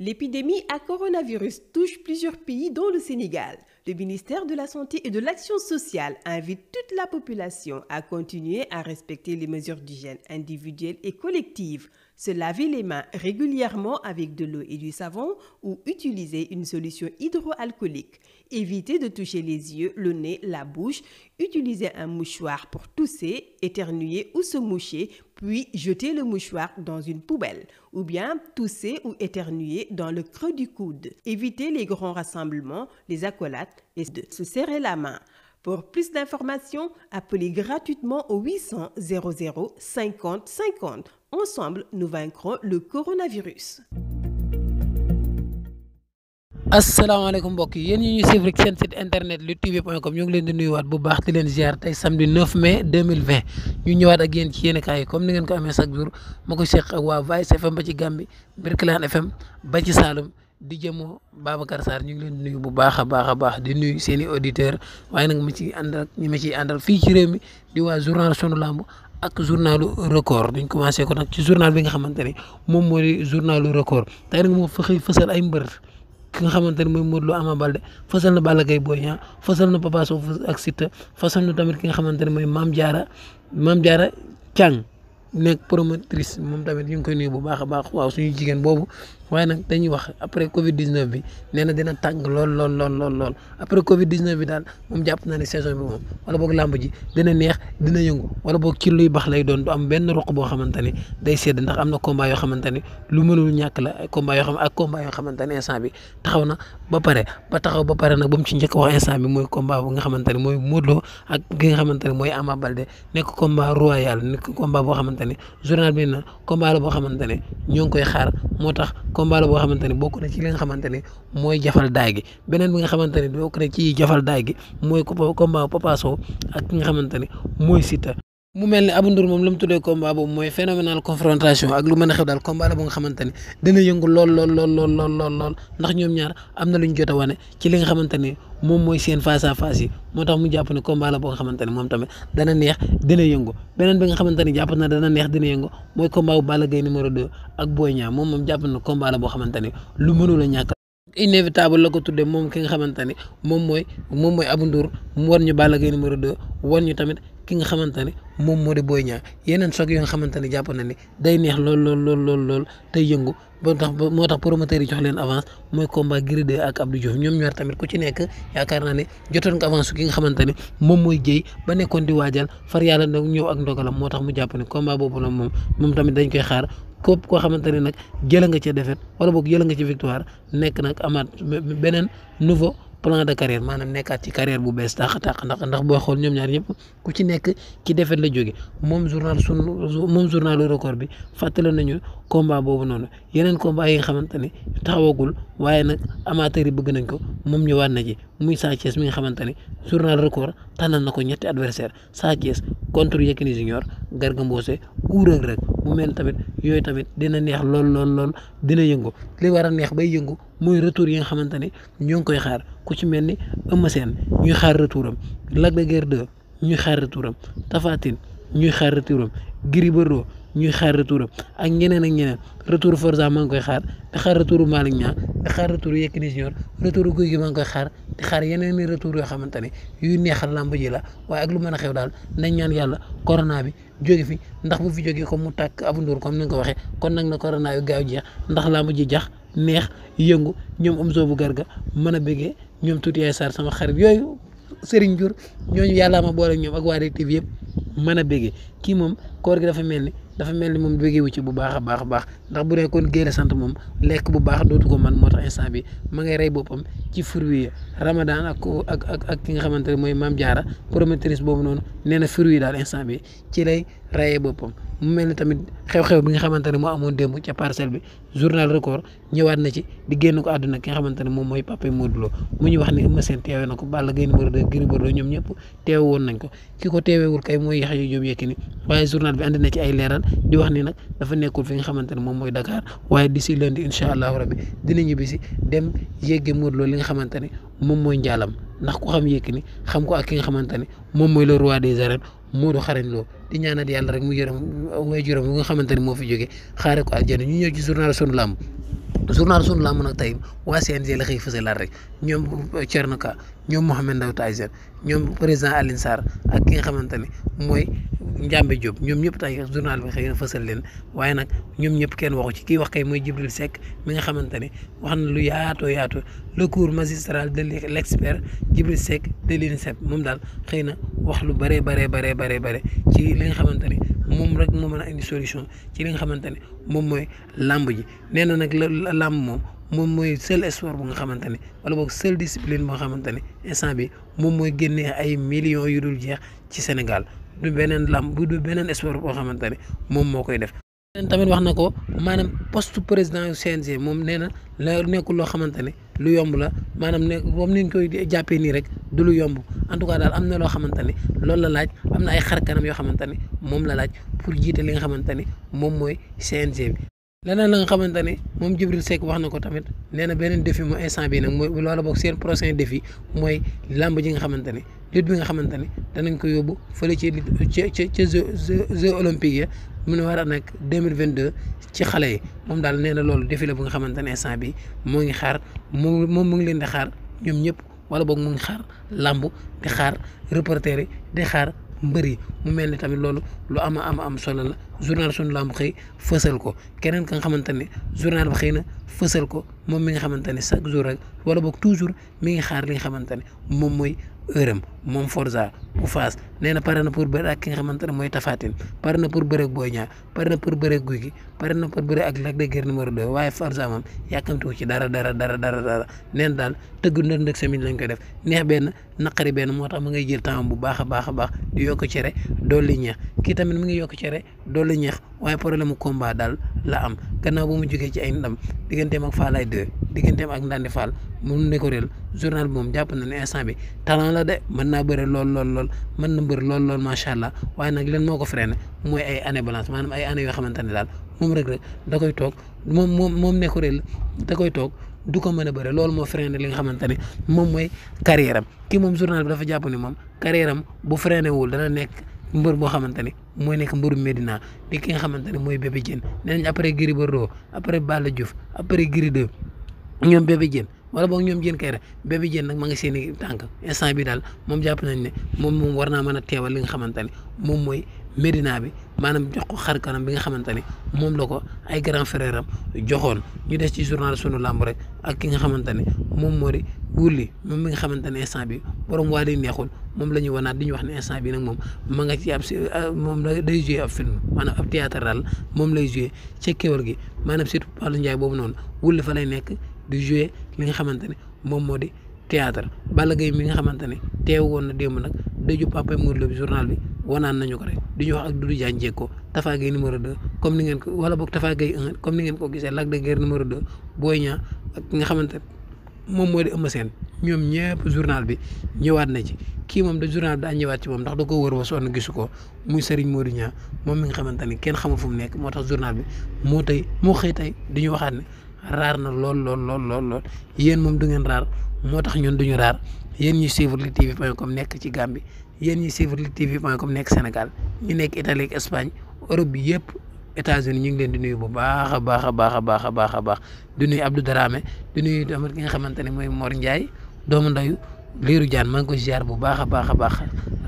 L'épidémie à coronavirus touche plusieurs pays dont le Sénégal. Le ministère de la Santé et de l'Action sociale invite toute la population à continuer à respecter les mesures d'hygiène individuelles et collectives se laver les mains régulièrement avec de l'eau et du savon ou utiliser une solution hydroalcoolique. Évitez de toucher les yeux, le nez, la bouche. Utilisez un mouchoir pour tousser, éternuer ou se moucher, puis jetez le mouchoir dans une poubelle ou bien tousser ou éternuer dans le creux du coude. Évitez les grands rassemblements, les accolades et de se serrer la main. Pour plus d'informations, appelez gratuitement au 800 00 50 50. Ensemble, nous vaincrons le coronavirus. asalaamaaleykum mbokk yi yéen ñi ñuy suivre seen site internet luttetv.com ñu ngi leen di nuyuwaat bu baax di leen ziar tey samedi 9 mai 2020 ñu ñëwaat ak yéen ci yéen kaay yi comme ni ngeen ko amee chaque jour ma ko seq ak ba ci Gambie Birkelane FM ba ci ñu ngi leen nuyu bu baax a a baax di nuyu seen i auditeurs waaye nag ma ciy àndal ñi ma ciy àndal fii ci réew mi di waa journal sunu lamb ak journalu record duñ commencé ko nag ci journal bi nga xamante ni moom moo di journalu record tey nag moo fa xëy fësal ay mbër. ki nga xamante ne mooy Modou Lo Ama Balde fasal na Balla Gaye Boy Niang fasal na Papa Sow ak Siteu fasal na tamit ki nga xamante ne mooy Mame Diarra Mame jaara Thiang nekk promotrice moom tamit ñu ngi koy nuyu bu baax a baax waaw suñu jigéen boobu waaye nag dañuy wax après Covid 19 bi nee na dina tàng lool lool lool lool lool après Covid 19 bi daal moom jàpp naa ne saison bi moom wala boog làmb ji dina neex dina yëngu wala boog ci luy baax lay doon du am benn roq boo xamante ne day sedd ndax am na combat yoo xamante ne lu mënul ñàkk la ay combat yoo xam ak combat yoo xamante ne instant bi taxaw na ba pare ba taxaw ba pare nag ba mu ci njëkk bi mooy combat bu nga xamante ne mooy Modou ak ki nga xamante ne mooy Ama Baldé nekk combat royal nekk combat boo xamante ne journal bi na combat la boo xamante ne ñoo ngi koy xaar moo tax combat la boo xamante ne bokk na ci li nga xamante ne mooy jafal daay gi beneen bi nga xamante ne bokk na ci jafal daay gi mooy combat Papa Sow ak ki nga xamante ne mooy Siteu mu mel ni Abou Ndour moom la mu tuddee combat boobu mooy phénoménal confrontation ak lu mën a xew daal combat la bu nga xamante ne dana yëngu lool lool lool lool lool lool lool ndax ñoom ñaar am na lu ñu jot a wane ci li nga xamante ne moom mooy seen face à face moo tax mu jàpp ne combat boo nga ne moom tamit dana neex dana yëngu beneen bi nga xamante ne jàpp na dana neex dana yëngu mooy combat bu Balla Gaye numéro 2 ak Boy Niang moom moom jàpp na combat boo xamante ne lu mënul a ñàkk. inévitable la ko tuddee moom ki nga xamante ne moom mooy moom mooy Abou Ndour mu war ñu Balla Gaye numéro 2 war ñu tamit ki nga xamante ne moom moo di Boy Niang yeneen soog yoo nga xamante ne jàpp na ni day neex lool lool lool lool lool tey yëngu ba tax moo tax pour yi jox leen avance mooy combat Gris 2 ak Abdou Diouf ñoom ñaar tamit ku ci nekk yaakaar naa ne jotoon nga avance ki nga xamante ne moom mooy jëy nekkoon di waajal far yàlla nag ñëw ak ndogalam moo tax mu jàpp ne combat boobu la moom moom tamit dañ koy xaar képp koo xamante ne nag jëla nga ci defet wala boog jëla nga ci victoire nekk nag amaat beneen nouveau plan de carrière maanaam nekkaat ci carrière bu bees tax tax ndax boo booy xool ñoom ñaar ñëpp ku ci nekk ci defet la jóge moom journal sunu moom journalu record bi fàttale nañu combat boobu noonu yeneen combat yi nga xamante ne taxawagul waaye nag amateur yi bëgg nañ ko moom ñëwaat na ci muy Sa Thiès mi nga xamante ne journal record tànnal na ko ñetti adversaire Sa Thiès contre Yékini Junior Garga Mbossé ou Reug Reug mu mel tamit yooyu tamit dina neex lool lool lool dina yëngu li war a neex bay yëngu mooy retour yi nga xamante ne ñoo ngi koy xaar ku ci mel ni Eumeu ñuy xaar retouram Lac de ñuy xaar retouram Tapha ñuy xaar retouram Gris Bordeaux ñuy xaar retouram ak ñeneen ak ñeneen retour Forza maa ngi koy xaar di xaar retour Malick Niang di xaar retour Yékini Junior retour Gouye Gui maa ngi koy xaar xaar yeneen i retour yoo xamante ne yuy neexal làmb ji la waaye ak lu mën a xew daal nañ ñaan yàlla corona bi jóge fi ndax bu fi jógee ko mu tàkk abu Ndour comme ni nga ko waxee kon nag na corona yu gaaw jeex ndax làmb jax neex yëngu ñoom Omzo bu Garga mën a bëggee ñoom Tuuti Yaay Sarr sama xarit yooyu Serigne Diour ñooñu yàllaa ma boole ñoom ak waa DTV yëpp mën a bëggee kii moom koor gi dafa mel ni dafa mel ni moom bëggee ci bu baax a baax a baax ndax bu nekkoon génne sant moom lekk bu baax dootu ko man moo tax instant bi ma ngay rey boppam ci fruit yi Ramadan ak ak ak ki nga xamante ne mooy Mame jaara promotrice boobu noonu nee na fruit daal instant bi ci lay reyee boppam. mu mel ne tamit xew-xew bi nga xamante ne moo amoon démb ca parcelle bi journal record ñëwaat na ci di génn ko àdduna ki nga xamante ne moom mooy Pape Modou mu ñu wax ne Eumeu Sène teewee na ko Balla Gaye numéro 2 Gris Bordeaux ñoom ñëpp teewe woon nañ ko ki ko teeweewul kay mooy Yaxya Joob Yékini waaye journal bi andi na ci ay leeral di wax ni nag dafa nekkul fi nga xamante ne moom mooy Dakar waaye di d'ici lundi incha allahu rabi dina ñibbisi dem yégge Modou Lo li nga xamante ne moom mooy njaalam ndax ku xam xam ko ak ki nga xamante ne moom mooy le roi des arènes Modou xarañ Lo di ñaanal rek mu yërëm way juróom bu nga xamante ne moo fi jóge xaare ko aljana ñu ñëw ci journal sunu làmb journal sunu làmb nag tey waa CNG la xëy fësalaat rek ñoom Thierno Ka ñoom Mouhamed Ndao Tyson ñoom président Alioune Sarr ak ki nga xamante ne mooy Ndiambe jóob ñoom ñëpp tey journal bi xëy na fësal leen waaye nag ñoom ñëpp kenn waxu ci kii wax kay mooy Djibril Seck mi nga xamante ne wax na lu yaatoo yaatoo la cours magistral de l' expert Djibril Seck de l'INSEP moom daal xëy na wax lu bëree baree baree baree bare ci li nga xamante ne moom rek moom mën a solution ci li nga xamante ne moom mooy làmb ji nee na nag la làmb moom moom mooy seul sport bu nga xamante ne wala boog seule discipline boo xamante ne instant bi moom mooy génnee ay millions yu dul jeex ci Sénégal du beneen làmb du beneen sport boo xamante ne moom moo koy def. leen tamit wax na ko maanaam poste président yu CNG moom nee na la nekkul loo xamante ne lu yomb la maanaam ne moom ni koy jàppee nii rek du lu yomb en tout cas daal am na loo xamante ne loolu la laaj am na ay xar kanam yoo xamante ne moom la laaj pour jiite li nga xamante ne moom mooy CNG bi leneen la nga xamante ne moom Djibril Seck wax na ko tamit nee na beneen défi mu instant bi nag mooy loola boog seen prochain défi mooy làmb ji nga xamante ne bi nga xamante ne danañ ko yóbbu fële ci ca ca ca jeux olympiques ya mu ne war a nag deux mille vingt deux ci xale yi moom daal nee na loolu défi la bu nga xamante ne instant bi moo ngi xaar moom moom mu ngi leen di xaar ñoom ñëpp wala boog mu ngi xaar làmb di xaar reporter yi di xaar mbër yi mu mel ni tamit loolu lu am ama am solo la journal sunu lamb xëy fësal ko keneen ka nga xamante ne journal bi xëy na fësal ko moom mi nga xamante ne chaque jour rek wala boog toujours mi ngi xaar li nga xamante ne moom mooy heure am moom Forza bu Fass nee na pare na pour bëre ak ki pour bëre ak Boy Niang pour bëre ak Gouye de Guiers numéro 2 waaye Forza moom yàkkamtuwu ci dara dara dara dara daal tëggu ndënd ak semaine lañ koy def neex benn naqari benn moo tax mu ngay jël temps bu baax a baax a baax di yokk cere dolli ñeex kii tamit mu ngi yokk cere dolli ñeex waaye problème mu combat daal la am gannaaw bu mu jógee ci ay ndam digganteem ak Falaye 2 digganteem ak Ndandi Fall mu nekkoon journal bi moom jàpp la de mën naa bëre lool lool lool mën na mbër lool lool macha allah waaye nag leen moo ko freiné mooy ay année balance maanaam ay année yoo xamante daal moom rek rek da koy toog moom nekku réel da koy toog du ko mën a bëre loolu moo freiné li nga xamante ne moom mooy carrière am kii moom journal bi dafa jàpp ni moom carrière bu freiné wul dana nekk mbër boo xamante ne mooy nekk mbëru Medina di ki nga xamante ne mooy Bébé Diène nee nañ après Gris Bordeaux après Balla Diouf wala boog ñoom jën kay rek bébé jën nag ma nga seen i tànk bi daal moom jàpp nañ ne moom moom war naa mën a li nga xamante ne moom mooy médina bi maanaam jox ko xar kanam bi nga xamante ne moom la ko ay grand frère joxoon ñu des ci journal sunu làmb rek ak ki nga xamante ne moom moo di wulli moom mi nga xamante ne instant bi borom waa di neexul moom la ñu wanaat di ñu wax ne instant bi nag moom ma nga ci ab euh, moom day joué ab film maanaam ab théâtre daal moom lay joué ca kéwal gi maanaam surtout Palu jaay boobu noonu wulli fa lay nekk di jouer li nga xamante ne moom moo di théâtre Balla Gaye mi nga xamante ne teew woon na démb nag dëju papa Modou Lo bi journal bi nañu ko rek di ñu wax ak Doudou Diagne Diecko Tafa Gueye numéro 2 comme ni ngeen ko wala boog Tafa comme ni ngeen ko gisee Lac de Guiers numéro 2 nga xamante ne moom moo di Eumeu ñoom ñëpp journal bi ñëwaat na ci kii moom da journal daa ñëwaat ci moom ndax da ko wër ba sonn gisu ko muy Serigne Modou Niang moom mi nga xamante ne kenn xamul fu mu nekk moo tax journal bi moo tey moo xëy tey di ñu waxaat ne raar na lool lool lool lool lool yéen moom du ngeen raar moo tax ñun duñu raar yéen ñuy suivre Lutte TV point com nekk ci Gambie yéen ñuy suivre Lutte TV point com nekk Sénégal ñu nekk Italie ak Espagne Europe bi yëpp États-Unis ñu ngi leen di nuyu bu baax a baax a baax a baax a baax a baax di nuyu Abdou Dramé di nuyu tamit ki nga xamante ne mooy Mor Ndiaye doomu ndayu Liiru Jaan maa ngi ko ziar bu baax a baax a baax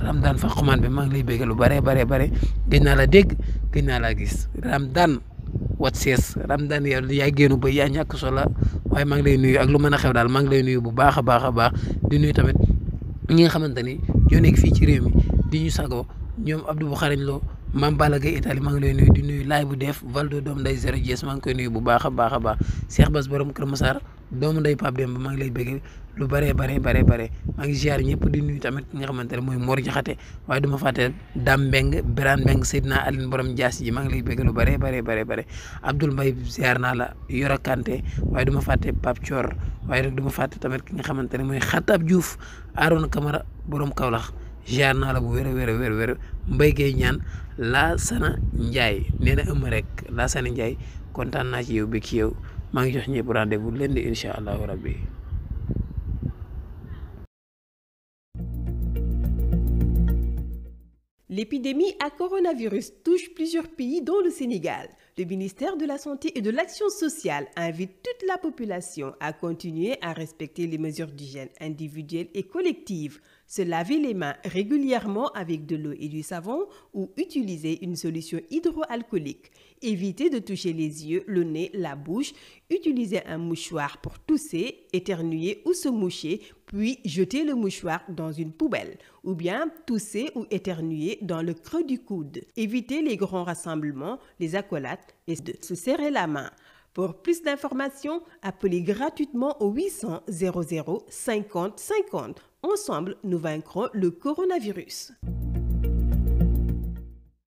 Ramdaan Faxumaan bi maa ngi lay bégg lu bare bare bare gëj naa la dégg gëj naa laa gis Ramdaan wat sees Ramadane yow yaa génn ba yaa ñàkk sola waaye maa ngi lay nuyu ak lu mën a xew daal maa ngi lay nuyu bu baax a baax a baax di nuyu tamit ñi nga xamante ni ñoo nekk fii ci réew mi di ñu sagoo ñoom Abdou Boukharañ loo maam bala Gaye Italie maa ngi lay nuyu di nuyu laay bu def Valdo doomu nday zéro dies maa ngi koy nuyu bu baax a baax a baax Cheikh Bass boroom Kër Massar doomu day Pape Demba maa ngi lay bëgg lu bare bare bare bare maa ngi ñëpp di nuyu tamit nga xamante ne mooy Mor Jaxate waaye du ma fàtte Dame Mbeng Birane Mbeng Seydina Aline borom Dias ji maa lay bëgg lu bare bare bare bare Abdoul Mbaye naa la Yoro Kanté waaye du ma fàtte Pape Thior waaye nag du ma fàtte tamit ki nga xamante ne mooy Xatab Diouf Aaron Camara boroom Kaolack jaar naa la bu wér a wér wér wér mbéy gay ñaan Laasana Njaay nee na ëmm rek Laasana Njaay kontaan naa ci yow bi ci yow maa ngi jox ñëpp rendez-vous leen di incha allahu rabbi L'épidémie à coronavirus touche plusieurs pays dont le Sénégal. Le ministère de la Santé et de l'Action sociale invite toute la population à continuer à respecter les mesures d'hygiène individuelles et collective se laver les mains régulièrement avec de l'eau et du savon ou utiliser une solution hydroalcoolique, éviter de toucher les yeux, le nez, la bouche, utiliser un mouchoir pour tousser, éternuer ou se moucher puis jeter le mouchoir dans une poubelle ou bien tousser ou éternuer dans le creux du coude. Évitez les grands rassemblements, les accolades et se serrer la main. Pour plus d'informations, appelez gratuitement au 800 00 50 50. Ensemble, nous vaincrons le coronavirus.